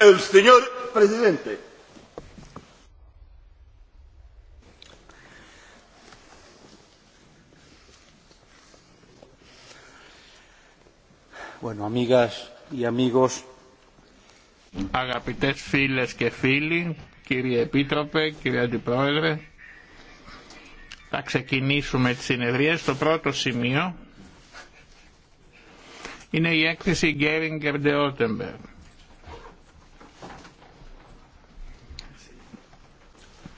El señor Αγαπητές φίλες και φίλοι, κύριε Επίτροπε, κύριε Αντιπρόεδρε, θα ξεκινήσουμε τις συνεδρίες. Το πρώτο σημείο είναι η έκθεση Γκέρινγκερ Ντεότεμπερ.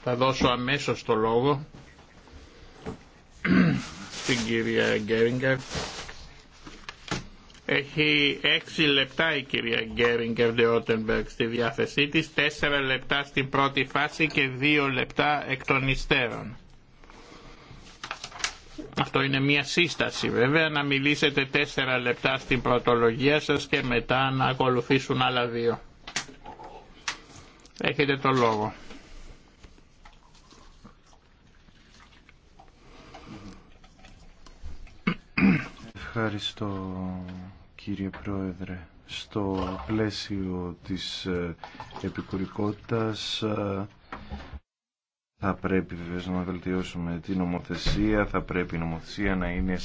Θα δώσω αμέσως το λόγο στην κυρία Γκέριγκερ. Έχει έξι λεπτά η κυρία Γκέριγκερ Ντεότενμπεργκ στη διάθεσή της, τέσσερα λεπτά στην πρώτη φάση και δύο λεπτά εκ των υστέρων. Αυτό είναι μια σύσταση βέβαια, να μιλήσετε τέσσερα λεπτά στην πρωτολογία σας και μετά να ακολουθήσουν άλλα δύο. Έχετε το λόγο. Ευχαριστώ κύριε Πρόεδρε. Στο πλαίσιο της ε, επικουρικότητας ε, θα πρέπει βέβαια να βελτιώσουμε την νομοθεσία, θα πρέπει η νομοθεσία να είναι